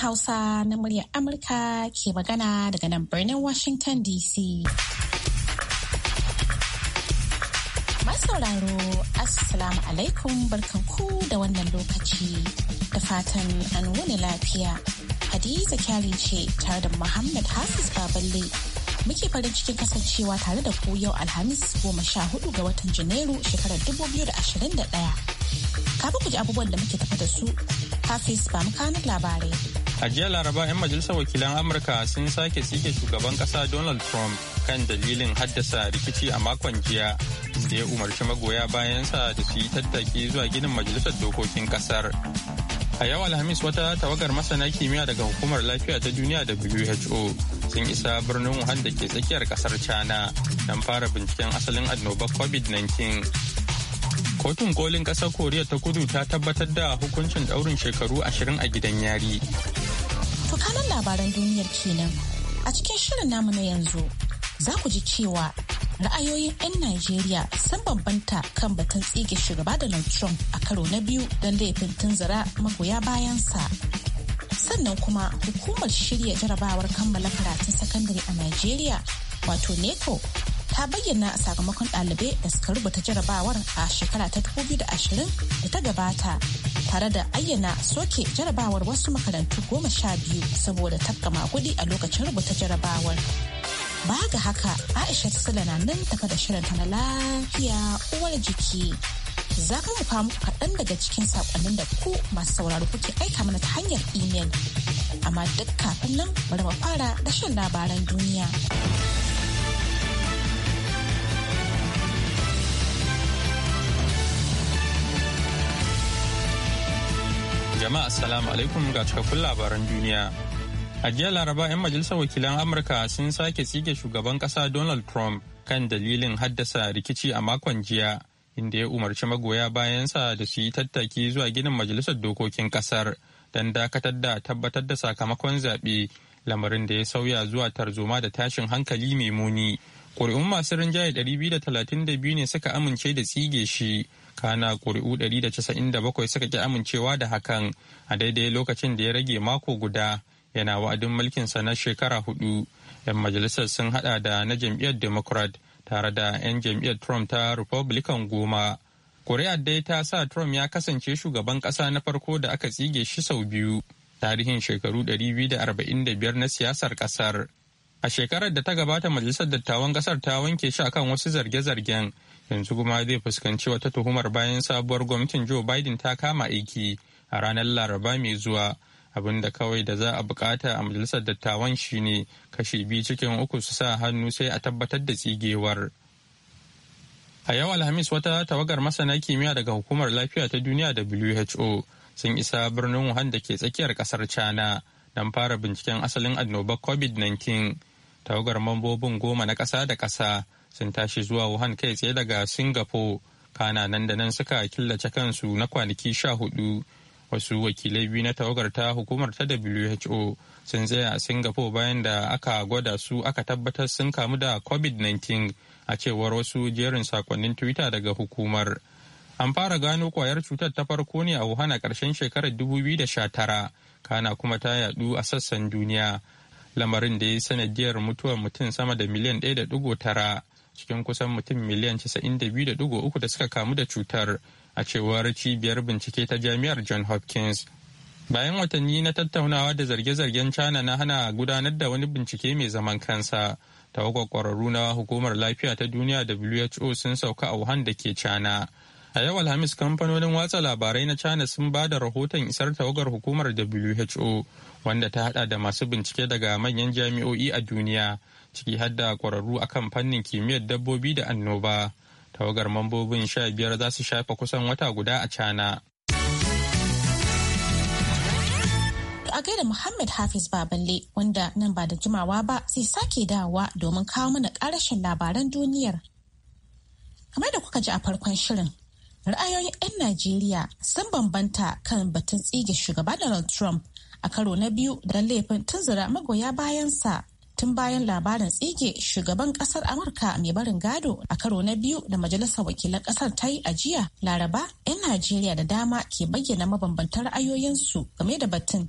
Hausa na muryar Amurka ke magana daga nan birnin Washington DC. Masauraro, Assalamu alaikum barkanku da wannan lokaci da fatan an wuni lafiya. Hadiza kyari ce tare da Muhammad Hafiz Baballe muke farin cikin kasancewa tare da ku yau Alhamis goma sha hudu ga watan Janairu shekarar dubu biyu da ashirin ɗaya. Kafin ku ji abubuwan da muke tafa da su, Hafiz ba mu kanin labarai. A jiya Laraba 'yan majalisar wakilan Amurka sun sake tsike shugaban kasa Donald Trump kan dalilin haddasa rikici a makon jiya da ya umarci magoya bayan sa da su yi tattaki zuwa ginin majalisar dokokin kasar. A yau Alhamis wata tawagar masana kimiyya daga hukumar lafiya ta duniya da WHO sun isa birnin Wuhan da ke tsakiyar kasar China don fara binciken asalin annoba COVID-19. Kotun kolin ƙasar Koriya ta kudu ta tabbatar da hukuncin ɗaurin shekaru ashirin a gidan yari To kanan labaran duniyar kenan a cikin shirin namu na yanzu za ku ji cewa ra'ayoyin 'yan Najeriya sun bambanta kan batun tsige shugaba Donald Trump a karo na biyu don laifin tunzura magoya bayansa. Sannan kuma hukumar shirya jarabawar kammala karatun sakandare a Najeriya wato NECO ta bayyana a sakamakon ɗalibai da suka rubuta jarabawar a shekara ta 2020 da ta gabata tare da ayyana soke jarabawar wasu makarantu goma sha biyu saboda tafka kuɗi a lokacin rubuta jarabawar. Ba ga haka Aisha ta na nan tafa da ta na lafiya uwar jiki. Za ka mu muku daga cikin saƙonnin da ku masu sauraro kuke aika mana ta hanyar imel. Amma duk kafin nan bari mu fara da shan labaran duniya. Jama'a Assalamu alaikum ga cikakkun labaran duniya. A jiya Laraba 'yan majalisar wakilan Amurka sun sake tsige shugaban kasa Donald Trump kan dalilin haddasa rikici a makon jiya inda ya umarci magoya bayansa da su yi tattaki zuwa ginin majalisar dokokin kasar don dakatar da tabbatar da sakamakon zaɓe lamarin da ya sauya zuwa tarzoma da tashin hankali mai muni. Ƙuri'un masu rinjaye 232 ne suka amince da tsige shi. kana ƙuri'u 197 suka ki amincewa da hakan a daidai lokacin da ya rage mako guda yana wa'adin mulkinsa na shekara hudu yan majalisar sun hada da na jam'iyyar democrat tare da 'yan jam'iyyar trump ta republican goma ƙuri'ar dai ta sa trump ya kasance shugaban ƙasa na farko da aka tsige shi sau biyu tarihin shekaru 245 na siyasar ƙasar a shekarar da ta gabata majalisar dattawan ƙasar ta wanke shi akan wasu zarge-zargen yanzu kuma zai fuskanci wata tuhumar bayan sabuwar gwamnatin joe biden ta kama aiki a ranar laraba mai zuwa abin da kawai da za a bukata a majalisar dattawan shine kashi biyu cikin uku su sa hannu sai a tabbatar da tsigewar a yau alhamis wata tawagar masana kimiyya daga hukumar lafiya ta duniya who sun isa birnin wuhan da ke tsakiyar kasar china don fara binciken asalin annobar covid-19 tawagar mambobin goma na kasa da ƙasa sun tashi zuwa Wuhan kai tsaye daga Singapore kana nan da nan suka killace kansu na kwanaki sha hudu wasu wakilai biyu na tawagar ta hukumar ta WHO sun tsaya a Singapore bayan da aka gwada su aka tabbatar sun kamu da COVID-19 a cewar wasu jerin sakonnin Twitter daga hukumar. An fara gano kwayar cutar ta farko ne a Wuhan a ƙarshen shekarar 2019 kana kuma ta yadu a sassan duniya. Lamarin da ya sanadiyar mutuwar mutum sama da miliyan 1.9 cikin kusan mutum miliyan 92.3 da suka kamu da cutar a cewar cibiyar bincike ta jami'ar john hopkins bayan watanni na tattaunawa da zarge-zargen china na hana gudanar da wani bincike mai zaman kansa tawagar kwararru na hukumar lafiya ta duniya who sun sauka a wuhan da ke china a yau alhamis kamfanonin watsa labarai na china sun ba da rahoton isar tawagar hukumar who wanda ta hada da masu bincike daga manyan jami'o'i a duniya ciki har da kwararru akan fannin kimiyyar dabbobi da annoba tawagar mambobin sha biyar za su shafa kusan wata guda a cana a gaida Muhammad Hafiz Baballe wanda nan ba da jimawa ba zai sake dawowa domin kawo mana karashin labaran duniyar. Kamar da kuka ji a farkon shirin, ra'ayoyin 'yan Najeriya sun bambanta kan batun tsige shugaba Donald Trump a karo na biyu da laifin tunzura magoya bayansa tun bayan labarin tsige shugaban kasar amurka mai barin gado a karo na biyu da majalisar wakilan kasar ta yi a jiya laraba 'yan najeriya da dama ke bayyana mabambantan ra'ayoyinsu game da batun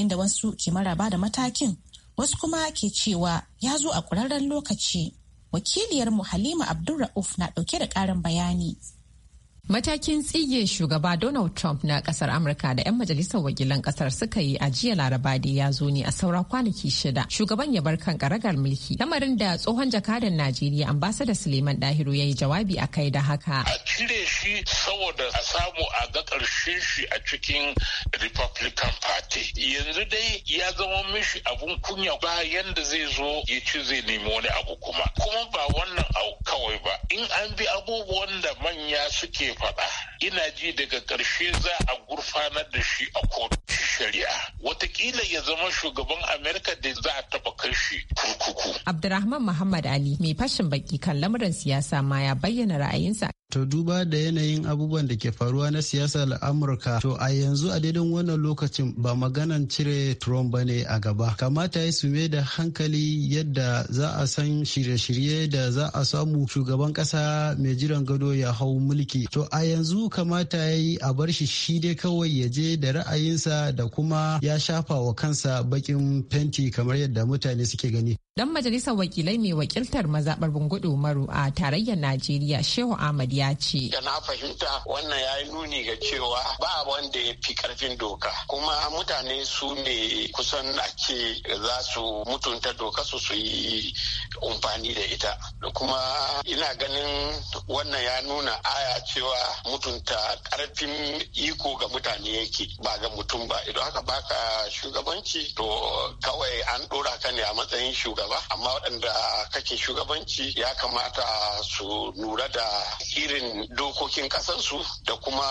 inda wasu ke maraba da matakin wasu kuma ke cewa ya zo a ƙwararren lokaci wakiliyarmu halima abdulra'uf na ɗauke da ƙarin bayani Matakin tsige shugaba Donald Trump na kasar Amurka da 'yan majalisar wakilan kasar suka yi a jiya laraba da ya zo ne a saura kwanaki shida. Shugaban ya bar kan karagar mulki. Lamarin da tsohon jakadan Najeriya ambasada Suleiman Dahiru ya yi jawabi a kai da haka. A cire shi saboda a samu a ga ƙarshen shi a cikin Republican Party. Yanzu dai ya zama mishi abun kunya ba yanda zai zo ya ci zai nemi wani abu kuma. Kuma ba wannan kawai ba. In an bi abubuwan da manya suke faɗa ina ji daga ƙarshe za a gurfanar da shi a kotun shari'a watakila ya zama shugaban amerika da za a taɓa kai shi kurkuku abdurrahman muhammad ali mai fashin baki kan lamuran siyasa ma ya bayyana ra'ayinsa To duba da yanayin abubuwan da ke faruwa na siyasar Amurka, to a yanzu a daidan wannan lokacin ba maganan cire Trump ba ne a gaba. Kamata ya sume da hankali yadda za a san shirye-shirye da za a samu shugaban ƙasa mai jiran gado ya hau mulki. To a yanzu kamata ya yi a bar shi shi dai kawai ya je da ra'ayinsa da kuma ya shafa wa kansa bakin fenti kamar yadda mutane suke gani. Dan majalisar wakilai mai wakiltar mazaɓar Bungudu maru a tarayyar Najeriya Shehu Ahmad ya ce. Da na fahimta wannan ya yi nuni ga cewa ba wanda ya fi karfin doka kuma mutane su ne kusan ake za su mutunta doka su su yi umfani da ita. Kuma ina ganin wannan ya nuna aya cewa mutunta karfin iko ga mutane yake ba ga mutum ba. Idan haka baka shugabanci to kawai an ɗora ka ne a matsayin shugaba. shugaba amma waɗanda kake shugabanci ya kamata su nura da irin dokokin ƙasarsu da kuma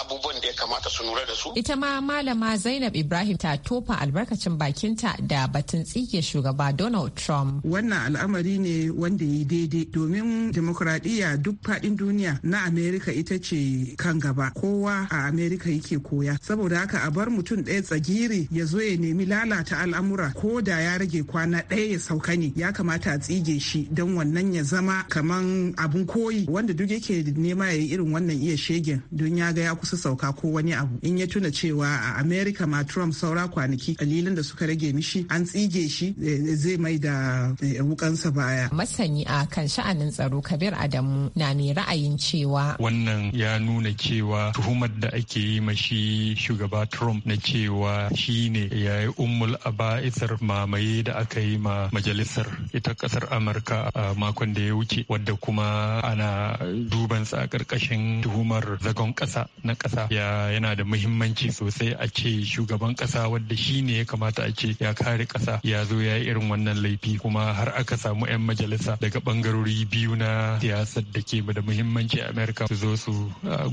abubuwan da ya kamata su nura da su. Ita ma malama Zainab Ibrahim ta tofa albarkacin bakinta da batun tsige shugaba Donald Trump. Wannan al'amari ne wanda ya daidai domin demokuraɗiyya duk faɗin duniya na Amerika ita ce kan gaba kowa a Amerika yake koya saboda haka a bar mutum ɗaya tsagiri ya zo ya nemi lalata al'amura ko da ya rage kwana ɗaya ya sauka ne ya kamata a tsige shi don wannan ya zama kaman abun koyi wanda duk yake nema ya yi irin wannan iya shegen don ya ga ya kusa sauka ko wani abu in ya tuna cewa a america ma trump saura kwanaki kalilin da suka rage mishi an tsige shi eh, zai mai da eh, wukansa baya masani a kan sha'anin tsaro kabir adamu na mai ra'ayin cewa wannan ya nuna cewa tuhumar da ake yi ma shi shugaba trump na cewa shine yayi ummul aba'isar mamaye da aka yi ma majalisar ita kasar amurka a makon da ya wuce wadda kuma ana duban sa karkashin tuhumar zagon kasa na kasa ya yana da muhimmanci sosai a ce shugaban kasa wadda shi ne ya kamata a ce ya kare kasa ya zo ya yi irin wannan laifi kuma har aka samu 'yan majalisa daga bangarori biyu na siyasar da ke da muhimmanci a Amurka. su zo su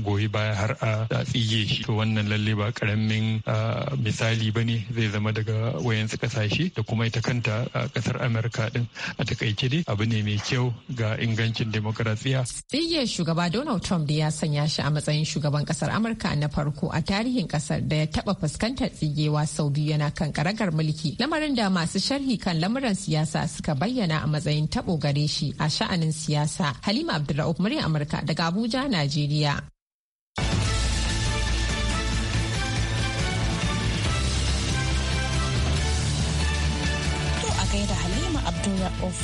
goyi baya har a tsige shi to wannan lalle ba karamin misali ba ne zai zama daga wayansu kasashe da kuma ita kanta kasar kasar amurka din a takaice dai abu ne mai kyau ga ingancin demokrasiya tsiyyar shugaba donald trump da ya sanya shi a matsayin shugaban kasar amurka na farko a tarihin kasar da ya taba fuskantar tsigewa sau biyu yana kan karagar mulki lamarin da masu sharhi kan lamuran siyasa suka bayyana a matsayin tabo gare shi a sha'anin siyasa halima abdulrahman murya amurka daga abuja najeriya Of.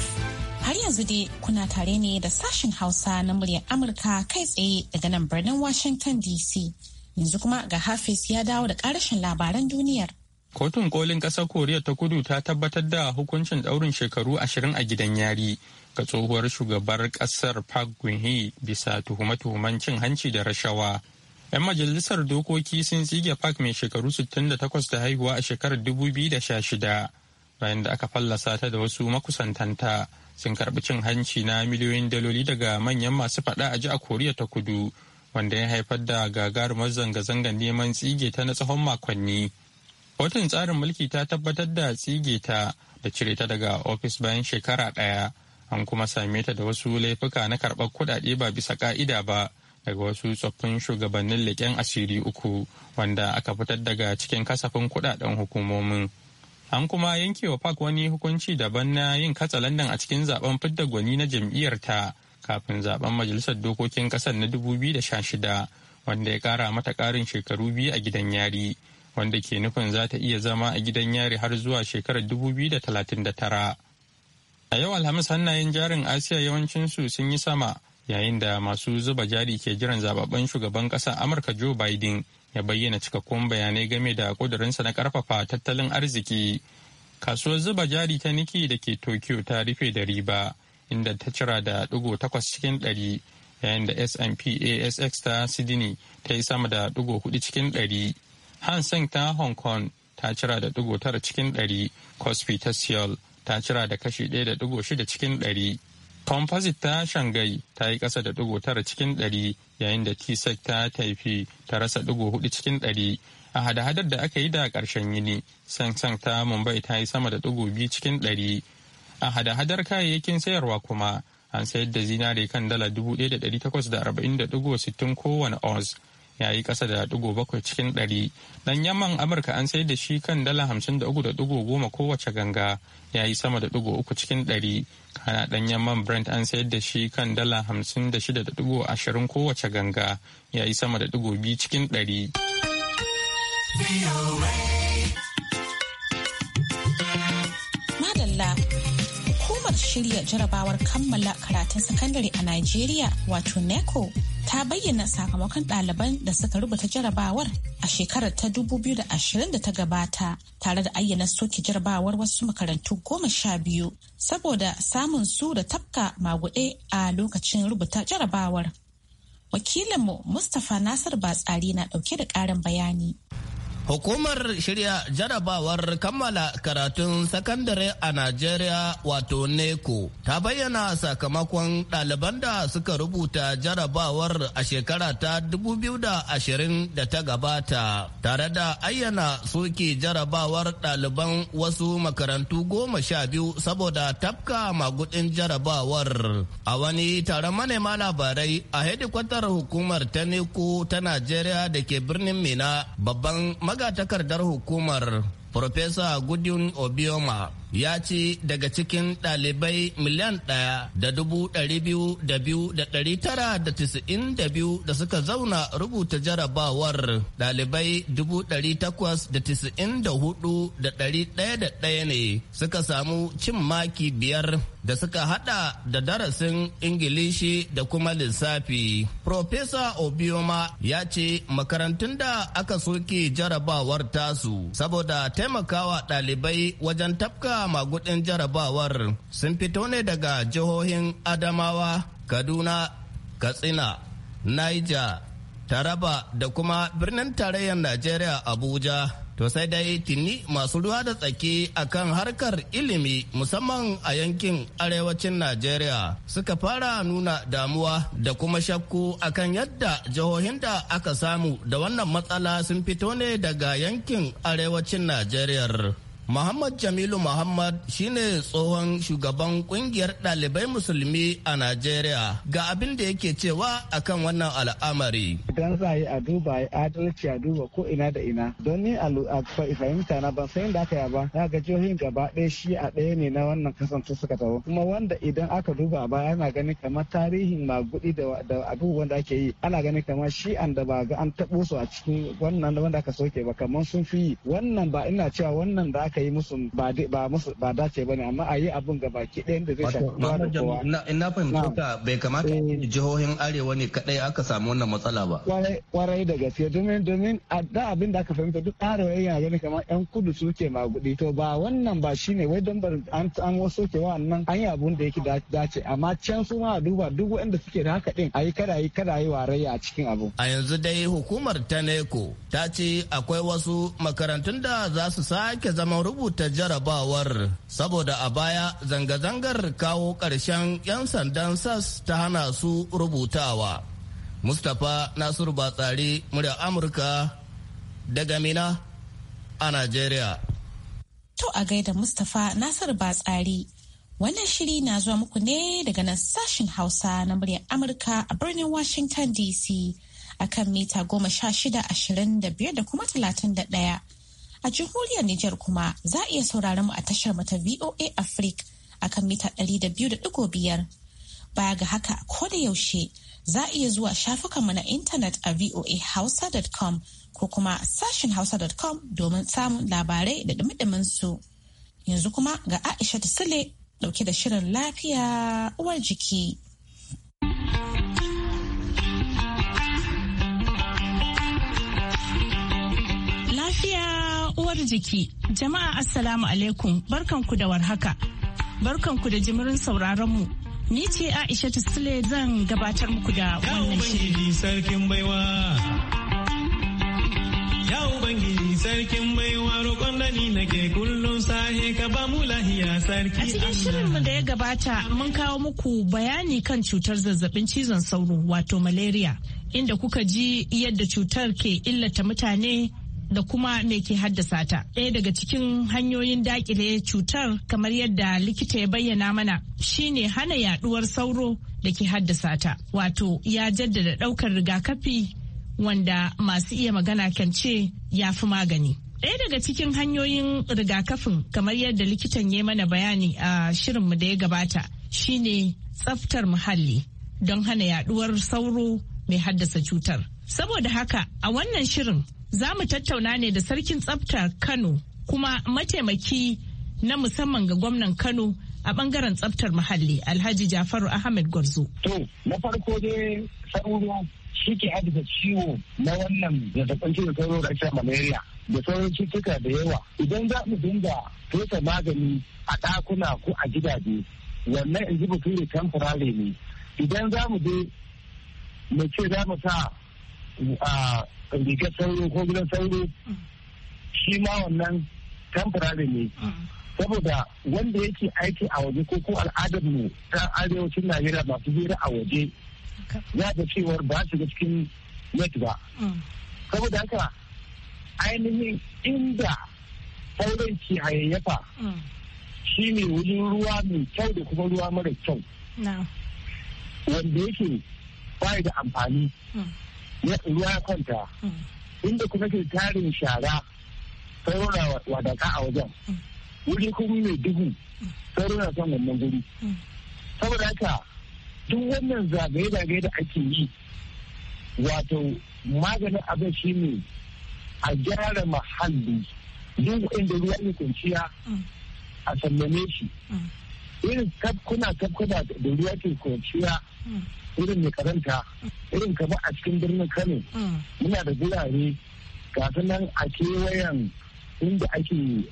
Har yanzu dai kuna tare ne da sashen Hausa na muryar Amurka kai tsaye daga nan birnin Washington DC. Yanzu kuma ga Hafiz ya dawo da ƙarashin labaran duniyar. Kotun kolin ƙasar Koriya ta kudu ta tabbatar da hukuncin ɗaurin shekaru ashirin a gidan yari ga tsohuwar shugabar ƙasar Park Geun-hye bisa tuhume-tuhumen cin hanci da rashawa. 'Yan majalisar dokoki sun tsige Park mai shekaru 68 da haihuwa a shekarar 2016 bayan da aka fallasa ta da wasu makusantanta sun karbi cin hanci na miliyoyin daloli daga manyan masu faɗa a ji a koriya ta kudu wanda ya haifar da gagarumar zanga-zangar neman tsige ta na tsawon makonni hoton tsarin mulki ta tabbatar da tsige ta da cire ta daga ofis bayan shekara ɗaya an kuma same ta da wasu laifuka na karɓar kuɗaɗe ba bisa ƙa'ida ba daga wasu tsoffin shugabannin leƙen asiri uku wanda aka fitar daga cikin kasafin kuɗaɗen hukumomin an kuma yanke wa park wani hukunci daban na yin katsalandan a cikin zaben fidda gwani na jam'iyyarta kafin zaben majalisar dokokin kasar na 2016 wanda ya kara mata karin shekaru biyu a gidan yari wanda ke nufin za ta iya zama a gidan yari har zuwa shekarar 2039 a yau alhamis hannayen jarin asiya yawancinsu sun yi sama yayin da masu zuba jari ke jiran zababben shugaban ƙasa amurka joe biden ya bayyana cikakkun bayanai game da ƙudurinsa na ƙarfafa tattalin arziki kasuwar zuba jari ta niki da ke tokyo ta rufe da riba inda ta cira da ɗigo takwas cikin ɗari yayin da S&P ASX ta Sydney ta yi sama da ɗigo hudu cikin ɗari. Hang ta Hong Kong ta cira da ɗigo tara cikin ɗari. Kospi ta Seoul ta cira da kashi ɗaya da ɗigo shida cikin ɗari. Composite ta shangai ta yi kasa da ɗigo tara cikin ɗari yayin da T-Sec ta taifi ta rasa ɗigo hudu cikin ɗari. A hada-hadar da aka yi da ƙarshen yini, Sang-Sang ta Mumbai ta yi sama da ɗigo biyu cikin ɗari. A hada-hadar kayayyakin sayarwa kuma, an sayar da zinare kan dala dubu ɗaya da ɗari takwas da arba'in da ɗigo sittin kowane oz. ya yi ƙasa da digo bakwai cikin ɗari dan yaman amurka an sai da shi kan dala hamsin da uku da digo goma kowace ganga ya yi sama da digo uku cikin ɗari kana dan yaman brent an sayar da shi kan dala hamsin da shida da digo ashirin kowace ganga ya yi sama da digo biyu cikin ɗari. Madalla hukumar shirya jarabawar kammala karatun sakandare a Najeriya wato NECO ta bayyana sakamakon ɗaliban da suka rubuta jarabawar a shekarar ta dubu 2020 da ta gabata tare da ayyana soke jarabawar wasu makarantu goma sha biyu saboda samun su da tafka maguɗe a lokacin rubuta jarabawar. Wakilinmu Mustapha Nasir Batsari na ɗauke da ƙarin bayani. Hukumar shirya jarabawar kammala karatun sakandare a Najeriya wato NECO ta bayyana sakamakon ɗaliban da suka rubuta jarabawar a shekara ta 2020 da ta gabata tare da ayyana suke jarabawar ɗaliban wasu makarantu goma sha biyu saboda tafka magudin jarabawar a wani taron manema labarai a hedikwatar hukumar ta NECO ta Najeriya da ke birnin Mina babban magatakardar hukumar Profesa Gudun Obioma ya ce daga cikin ɗalibai miliyan ɗaya da dubu ɗari biyu da biyu da ɗari tara da tisa'in da biyu da suka zauna rubuta jarabawar ɗalibai dubu ɗari takwas da tisa'in da hudu da ɗari ɗaya da ɗaya ne suka samu cin maki biyar da suka hada da darasin ingilishi da kuma lissafi. Profesa Obioma ya ce makarantun da aka soke jarabawar tasu saboda taimakawa ɗalibai wajen tafka sha magudin jarabawar sun fito ne daga jihohin Adamawa, Kaduna, Katsina, Niger, Taraba da kuma birnin tarayyar Najeriya Abuja. To sai dai tuni masu ruwa da tsaki akan harkar ilimi musamman a yankin arewacin Najeriya suka fara nuna damuwa da kuma shakku akan yadda jihohin da aka samu da wannan matsala sun fito ne daga yankin arewacin Najeriya. Muhammad Jamilu Muhammad shine tsohon shugaban kungiyar ɗalibai musulmi a Najeriya ga abin da yake cewa akan wannan al'amari. Idan za a yi a duba adalci a duba ko ina da ina don ni a fahimta na ban san da aka yi ba ga jihohin gaba ɗaya shi a ɗaya ne na wannan kasance suka taho kuma wanda idan aka duba a baya ana ganin kamar tarihin magudi da abubuwan da ake yi ana ganin kamar shi an da ba ga an taɓo su a cikin wannan wanda aka soke ba kamar sun fi yi wannan ba ina cewa wannan da aka yi musu ba ba dace ba ne amma a yi abun ga baki ɗaya da zai shafi na fahimta ka bai kamata eh. jihohin arewa ne kadai aka samu wannan matsala ba. Kwarai da gaske domin domin a da abin da aka fahimta duk arewa yana gani kamar yan kudu suke magudi to ba wannan ba shine wai don bar an wasu ke wannan an yi abun da yake dace amma can su ma duba duk waɗanda suke da haka ɗin a yi kada yi kada yi warayya a cikin abu. A yanzu dai hukumar ta ta ce akwai wasu makarantun da za su sake zama rubuta jarabawar saboda a baya zanga-zangar kawo ƙarshen 'yan sandan sas ta hana su rubutawa mustapha Nasir batsari murya amurka daga mina a Najeriya. to a gaida mustapha nasiru batsari wannan shiri na zuwa muku ne daga nan sashen hausa na murya amurka a birnin washington dc akan mita goma sha shida ashirin da biyar da kuma talatin da ɗaya A jamhuriyar Nijar kuma za a iya sauraron mu a tashar mata VOA Africa a kan mita 200.5. Baya ga haka ko da yaushe za a iya zuwa shafukanmu na intanet a voahausa.com ko kuma sashen hausa.com domin samun labarai da dumi su. Yanzu kuma ga Aisha Sule dauke da shirin lafiya uwar jiki. Lafiya uwar jiki jama'a assalamu alaikum barkanku da warhaka barkanku da jimirin sauraronmu ni ce aisha sule zan gabatar muku da wannan shiri sarkin baiwa ya ubangiji sarkin baiwa roƙon da ni nake kullum sahi ka ba mu lahiya sarki a cikin shirinmu da ya gabata mun kawo muku bayani kan cutar zazzabin cizon sauro wato malaria inda kuka ji yadda cutar ke illata mutane da kuma me ke haddasa ta. Ɗaya daga cikin hanyoyin daƙile cutar kamar yadda likita ya bayyana mana shine hana yaduwar sauro da ke haddasa ta. Wato ya jaddada ɗaukar rigakafi wanda masu iya magana kan ce ya fi magani. Ɗaya daga cikin hanyoyin rigakafin kamar yadda likitan ya mana bayani a shirinmu da ya gabata shine tsaftar muhalli don hana yaduwar sauro mai haddasa cutar. Saboda haka a wannan shirin za mu tattauna ne da sarkin tsafta Kano kuma mataimaki na musamman ga gwamnan Kano a bangaren tsaftar muhalli Alhaji Jafaru Ahmed Gwarzo. To, na farko dai sauro shi ke haddasa ciwo na wannan da cizon sauro da ake malaria da sauran cutuka da yawa. Idan za mu dinga fesa magani a ɗakuna ko a gidaje, wannan in ji bature temporary ne. Idan za mu je mu ce za mu sa a rigar sauro ko gidan sauro shi ma wannan temporary ne saboda wanda yake aiki a waje ko ko al'adar mu ta arewacin najeriya masu zira a waje ya da cewar ba su ga cikin net ba saboda haka ainihin inda sauran ke hayayyafa shi ne wajen ruwa mai kyau da kuma ruwa mara kyau wanda yake bai da amfani hmm. ruwa kwanta inda kuma ke tarin shara saurara wadaka a wajen wuri kuma mai duhu saurara son wannan guri saboda haka duk wannan zagaye-zagaye da ake yi wato maganin abin shi ne a gyara muhalli duk inda ruwa ne kwanciya a sallame shi irin kuna kafkuna da ruwa ke kwanciya irin mai karanta irin kamar a cikin birnin kano mm. muna da gurare ga nan a kewayen inda ake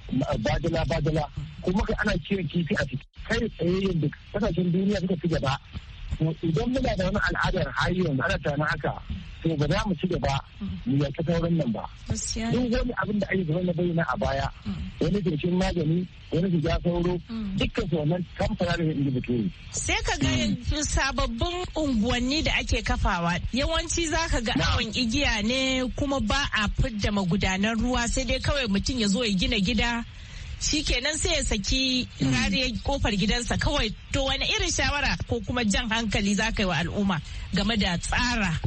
badala badala kuma kai ana kiwon kifi a ciki kai tsaye yadda kasashen duniya suka fi gaba idan muna da wani al'adar har yanzu ana tana haka to ba za mu ci gaba mu yanka sauran nan ba duk wani abin da ake zama na bayyana a baya mm. wani jinshin magani wani ja sauro mm. dukkan su wannan kamfana da inda bature sai ka ga sababbin unguwanni da ake kafawa yawanci za ka ga awon igiya ne kuma ba a fidda magudanan ruwa sai dai kawai mutum ya zo ya gina gida Shi shikenan sai ya saki rariyar kofar gidansa kawai to wani irin shawara ko kuma jan hankali za ka yi wa al'umma game da tsara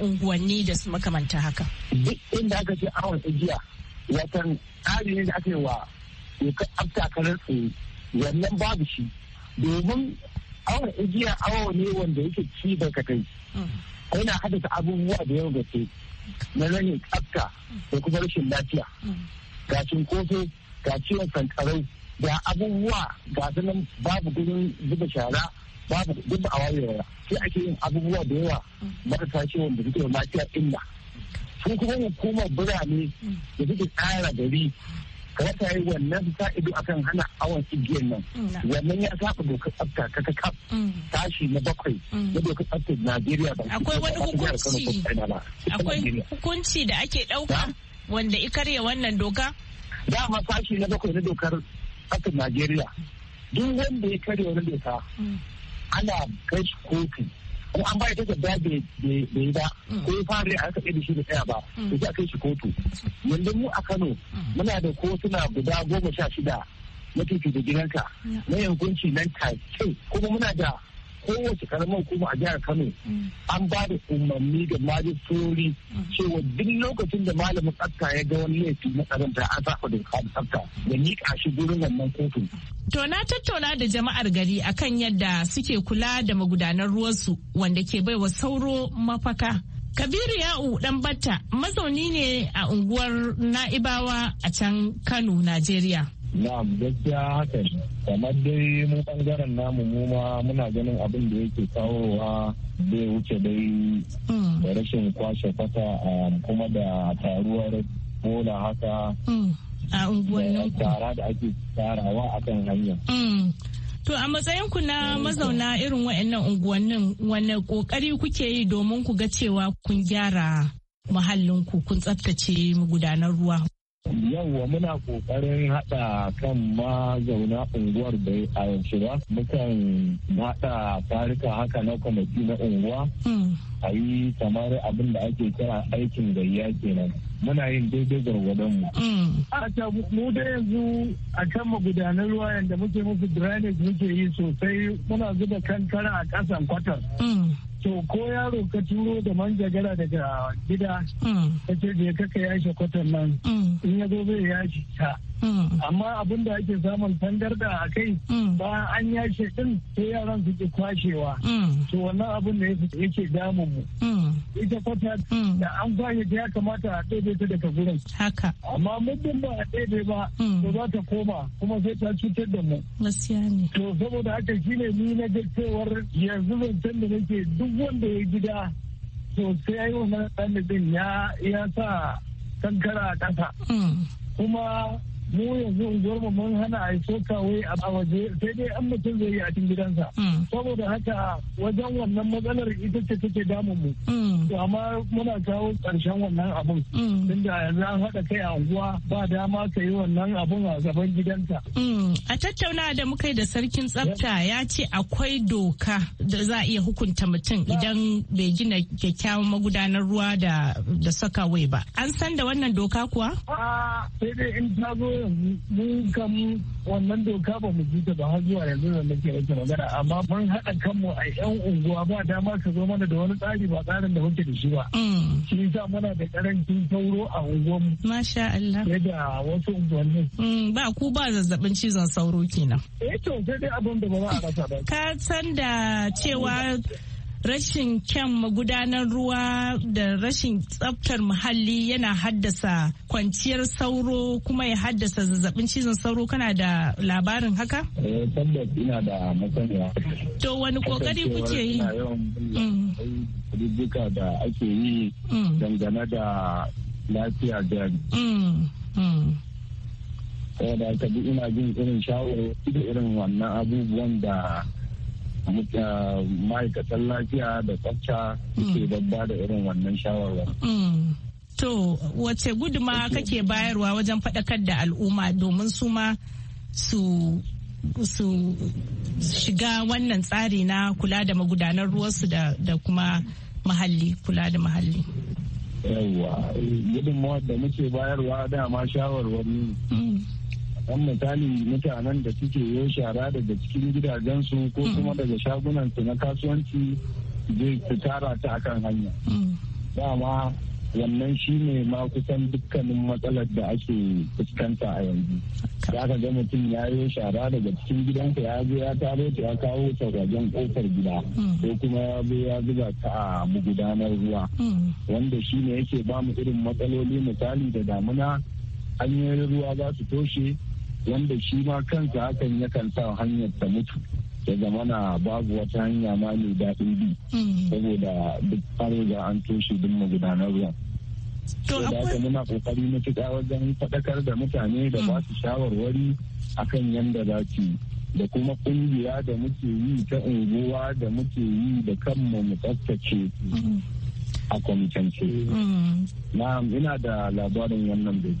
unguwanni da su makamanta haka. inda aka ce awon tsakiya watan tsari ne da aka yi wa karar babu shi domin awon ajiya awo ne wanda yake ci barkatai mm. yana haddasa abubuwa da yau da ke. na rashin tsafta da kuma rashin lafiya mm. gashin kofi ga ciwon sankarau ga abubuwa ga nan babu gurin zuba shara babu duk a wayewa sai ake yin abubuwa da yawa marasa ciwon da suke lafiya illa sun kuma hukumar birane da suke kara gari kamar ta yi wannan sa ido akan hana awon igiyar nan mm. wannan ya saba dokar tsafta ta ta kaf mm. tashi na bakwai mm. na dokar tsafta najeriya ba akwai wani hukunci akwai hukunci da ake ɗauka wanda ikarya wannan doka dama sashi na bakwai na dokar kasar najeriya duk wanda ya karya wani doka ana kai shi kotu ko an bai takarda bai da ba ko ya fara a aka da shi da tsaya ba to za kai shi kotu yanzu mu a kano muna da kotuna guda goma sha shida na da gidanka na yankunci nan take kuma muna da kowace karamar hukuma a jihar Kano an ba da umarni ga majistori cewa duk lokacin da malamin tsafta ya ga wani laifi na karanta an saka doka da tsafta da miƙa shi gurin wannan kotun. To tattauna da jama'ar gari akan yadda suke kula da magudanan ruwansu wanda ke baiwa sauro mafaka. Kabiru Ya'u dan Batta mazauni ne a unguwar Na'ibawa a can Kano, Najeriya. Na'am gaskiya hakan kamar dai mu bangaren namu mu ma muna ganin abin da yake kawowa bai wuce dai mm. da rashin kwashe kwata um, kuma da taruwar bola haka mm. a unguwannin da ake tarawa a kan hanya. Mm. To a matsayinku na mazauna irin waɗannan unguwannin wane kokari kuke yi domin ku ga cewa kun gyara muhallinku kun tsaftace gudanar ruwa yauwa muna kokarin hada kan mazauna unguwar da a yanzu ba mukan hada tarika haka na kwamiti na unguwa hmm. a yi kamar abin da ake kira aikin gayya kenan muna yin daidai gwargwadon mu. ta hmm. mu da yanzu a kan magudanar ruwa yadda muke musu drainage muke yi sosai muna zuba kankara a ƙasan kwatar. Hmm. to ko yaro ka turo da manjagara daga gida mm. ka ce je ka yashe kwatan nan mm. in ya zo zai ta Mm. amma abin da ake samun tangarda a kai mm. bayan an yashe din sai yaran suke kwashewa mm. to wannan abin da yake damun mu ita kwata da an kwashe ta ya kamata a ɗebe ta daga gurin haka amma muddin ba a ɗebe ba to za ta koma kuma sai ta cutar da mu to saboda haka shine ni na ga cewar yanzu zancen da nake duk wanda ya gida to sai wannan ɗan ya ya sa kankara a ƙasa kuma mu yanzu unguwar mu mun hana a yi wai a waje sai dai an mutum zai yi a cikin gidansa mm. saboda haka wajen wannan matsalar ita ce take damun mu mm. amma muna kawo karshen wannan abun mm. tunda yanzu an haɗa kai a unguwa ba dama ka yi wannan abun a gaban gidanka a tattauna da muka yi da sarkin tsafta ya ce akwai doka da za a iya hukunta mutum idan bai gina kyakkyawan magudanar ruwa da saka wai ba an san da wannan doka kuwa sai dai in ta zo yanzu mun kam wannan doka ba mu ji ta ba har zuwa yanzu da nake yake magana amma mun haɗa kanmu a yan unguwa ba dama ka zo mana da wani tsari ba tsarin da muke da shi ba. Mm. Shi sa muna da karancin sauro a unguwan mu. Masha Allah. Yadda wasu unguwanni. Mm, ba ku ba zazzabin cizon sauro kenan. Eh to sai dai abin da ba za a rasa ba. Ka san da cewa rashin kyan magudanar ruwa da rashin tsaftar muhalli yana haddasa kwanciyar sauro kuma ya haddasa zazzabin cizon sauro kana da labarin haka? Eh, ina da masaniya. To wani kokari kuke yi? Rijika mm. da ake yi mm. dangane da lafiya da. Mm. Saboda aka bi ina jin irin shawo da irin wannan abubuwan da ma'aikatan lafiya da tsafta suke mm. babba da irin wannan shawarwar. Mm. To, wace guduma kake bayarwa wajen faɗakar da al'umma domin su ma su su shiga wannan tsari na kula da magudanar ruwansu da, kuma mahalli kula da mahalli. Yawwa, gudunmawar da muke bayarwa dama shawarwar dan misali mutanen da suke yo shara daga cikin gidajensu ko mm. kuma daga shagunansu na kasuwanci zai su tara ta akan hanya mm. dama wannan shi ne ma kusan dukkanin matsalar da ake fuskanta a yanzu za ka ga mutum ya yi shara daga cikin gidansa ya zo ya taro ta ya kawo ta wajen kofar gida mm. ko kuma ya zo ya zuba ta a magudanar ruwa wanda shi ne yake bamu irin matsaloli misali da damuna hanyoyin ruwa za su toshe wanda shi ma kansa hakan yakan sa hanyar ta mutu ya na babu wata hanya ma ne daɗin bi mm. saboda duk an ga an toshe duk magudanar ruwan To da haka muna kokari matuƙa wajen faɗakar da mutane da mm. ba su shawarwari akan yadda za su da kuma ƙungiya da muke yi ta unguwa da muke yi da kanmu mu tsaftace a kwamitance. Na ina da labarin wannan bai.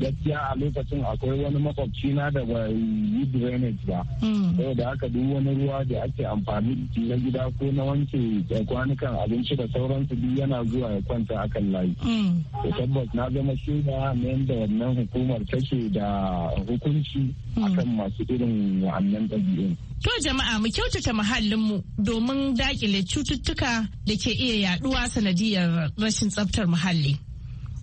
Gaskiya a lokacin akwai wani makwabci na da ba yi drainage ba. Mm. da haka duk wani ruwa da ake amfani na gida ko na wanke kwanukan abinci da sauransu biyu yana zuwa ya kwanta akan layi. Mm. to tabbas na zama shaida na yadda wannan hukumar take da hukunci mm. akan masu irin wa'annan ɗabi'un. To jama'a mu kyautata muhallinmu domin dakile cututtuka da ke iya yaduwa sanadiyar rashin tsaftar muhalli.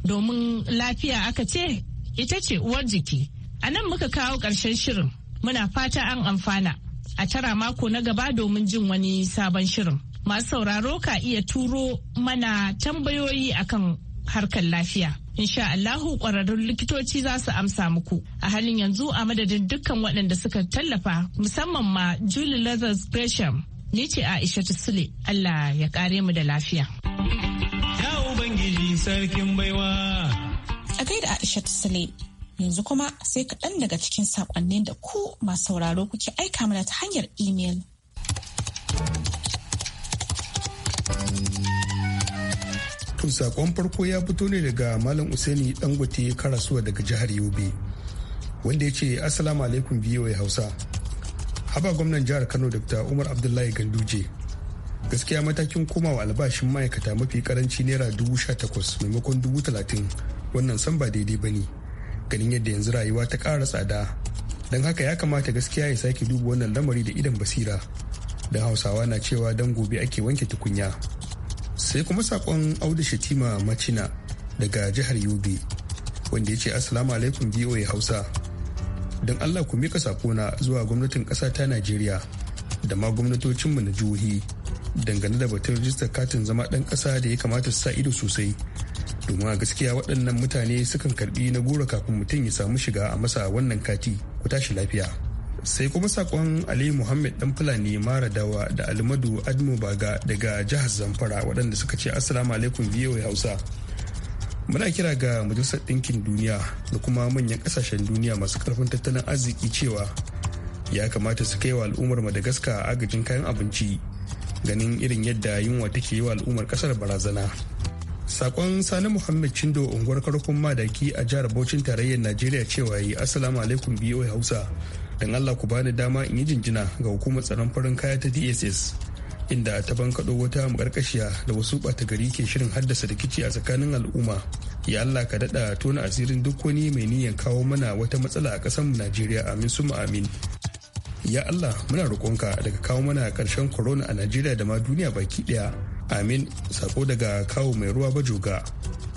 Domin lafiya aka ce ita ce uwar jiki. A nan muka kawo ƙarshen shirin muna fata an amfana. A tara mako na gaba domin jin wani sabon shirin. Masu sauraro ka iya turo mana tambayoyi akan harkar lafiya. Insha Allahu ƙwararrun likitoci za su amsa muku. A halin yanzu a madadin dukkan waɗanda suka tallafa musamman ma Julie Lazarus Gresham. Ni ce Aisha Sule Allah ya kare mu da lafiya. Ya Ubangiji sarkin baiwa. A gaida Aisha Sule yanzu kuma sai kaɗan daga cikin saƙonnin da ku masu sauraro kuke aika mana ta hanyar imel. wato sakon farko ya fito ne daga Malam Usaini Dangote Karasuwa daga jihar Yobe. Wanda ya ce Assalamu alaikum ya Hausa. Haba gwamnan jihar Kano Dr. Umar Abdullahi Ganduje. Gaskiya matakin komawa albashin ma'aikata mafi karanci naira dubu sha takwas maimakon dubu talatin wannan san ba daidai ba ne. Ganin yadda yanzu rayuwa ta kara tsada. Don haka ya kamata gaskiya ya sake duba wannan lamari da idan basira. Da Hausawa na cewa don gobe ake wanke tukunya. sai kuma sakon audu shatima macina daga jihar yobe wanda ya ce assalamu alaikum voa hausa don allah ku mika sakona zuwa gwamnatin ƙasa ta najeriya da ma gwamnatocinmu na jihohi dangane da batun rijistar katin zama ɗan ƙasa da ya kamata su sa ido sosai domin a gaskiya waɗannan mutane sukan karɓi na gora kafin mutum ya samu shiga a masa wannan kati ku tashi lafiya sai kuma sakon ali muhammad dan fulani mara dawa da almadu admo baga daga jihar zamfara waɗanda suka ce assalamu alaikum biyo hausa muna kira ga majalisar ɗinkin duniya da kuma manyan ƙasashen duniya masu ƙarfin tattalin arziki cewa ya kamata su kai wa al'ummar madagascar agajin kayan abinci ganin irin yadda yunwa take yi wa al'ummar ƙasar barazana sakon sani muhammad cindo unguwar karkon madaki a jihar bauchin tarayyar najeriya cewa yi assalamu alaikum biyo hausa don allah ku bani dama in yi jinjina ga hukumar tsaron farin kaya ta dss inda ta bankaɗo wata maƙarƙashiya da wasu ɓata gari ke shirin haddasa rikici a tsakanin al'umma ya allah ka daɗa tona asirin duk wani mai niyyar kawo mana wata matsala a ƙasar najeriya amin suma amin ya allah muna roƙonka daga kawo mana ƙarshen corona a najeriya da ma duniya baki ɗaya amin sako daga kawo mai ruwa bajoga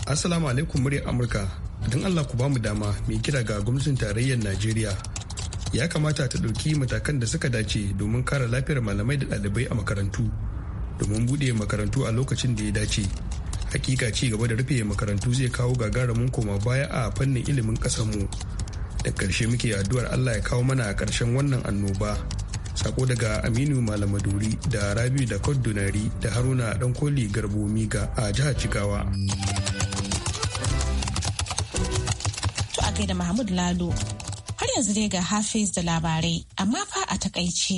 assalamu alaikum muryar amurka don allah ku bamu dama mai kira ga gwamnatin tarayyar najeriya ya kamata ta ɗauki matakan da suka dace domin kare lafiyar malamai da ɗalibai a makarantu domin buɗe makarantu a lokacin da ya dace hakika ci gaba da rufe makarantu zai kawo gagarumin koma baya a fannin ilimin mu da ƙarshe muke addu'ar allah ya kawo mana a ƙarshen wannan annoba sako daga aminu malamaduri da Rabi da kodunari da haruna koli garbo miga a jihar cigawa to a kai da mahmud lado Har yanzu dai ga Hafiz da labarai, amma fa a takaice.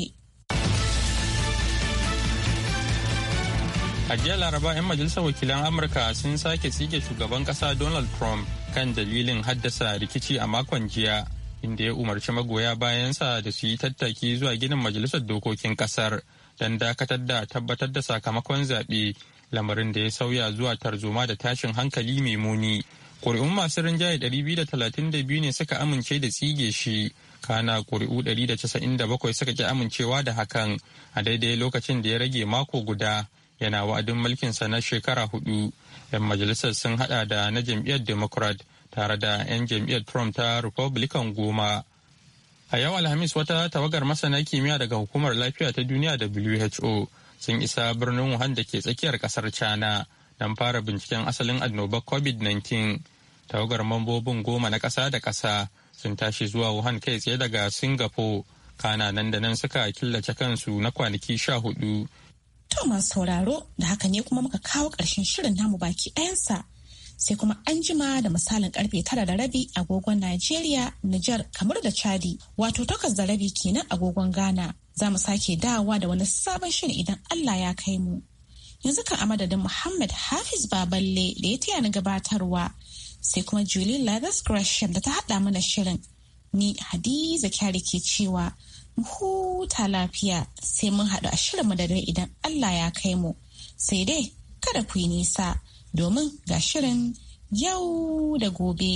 A jiya Laraba 'yan majalisar wakilan Amurka sun sake tsige shugaban kasa Donald Trump kan dalilin haddasa rikici a makon jiya, inda ya umarci magoya bayansa da su yi tattaki zuwa ginin majalisar dokokin kasar don dakatar da tabbatar da sakamakon zaɓe lamarin da ya sauya zuwa tarzoma da tashin hankali mai muni ƙuri'un masu rinjaye 232 ne suka amince da tsige shi kana ƙuri'u 197 suka ki amincewa da hakan a daidai lokacin da ya rage mako guda yana wa'adin mulkinsa na shekara hudu yan majalisar sun hada da na jam'iyyar democrat tare da 'yan jam'iyyar trump ta republican goma a yau alhamis wata tawagar masana kimiyya daga hukumar lafiya ta duniya who sun isa birnin wuhan da ke tsakiyar kasar china don fara binciken asalin annobar covid-19 tawagar mambobin goma na ƙasa da ƙasa sun tashi zuwa wuhan kai tsaye daga singapore kana nan da nan suka killace kansu na kwanaki sha hudu Thomas sauraro da haka ne kuma muka kawo ƙarshen shirin namu baki ɗayansa sai kuma an jima da misalin karfe tara da rabi agogon Najeriya, Nijar, kamar da Chadi, wato takwas da rabi kenan agogon Ghana. Za mu sake dawa da wani sabon shirin idan Allah ya kai mu. yanzu kan a madadin Muhammad Hafiz Baballe da ya taya ni gabatarwa sai kuma Julie Lathers Gresham da ta haɗa mana shirin. Ni Hadiza Kyari ke cewa mu huta lafiya sai mun haɗu a shirin mu da dare idan Allah ya kai mu. Sai dai kada ku yi nisa domin ga shirin yau da gobe.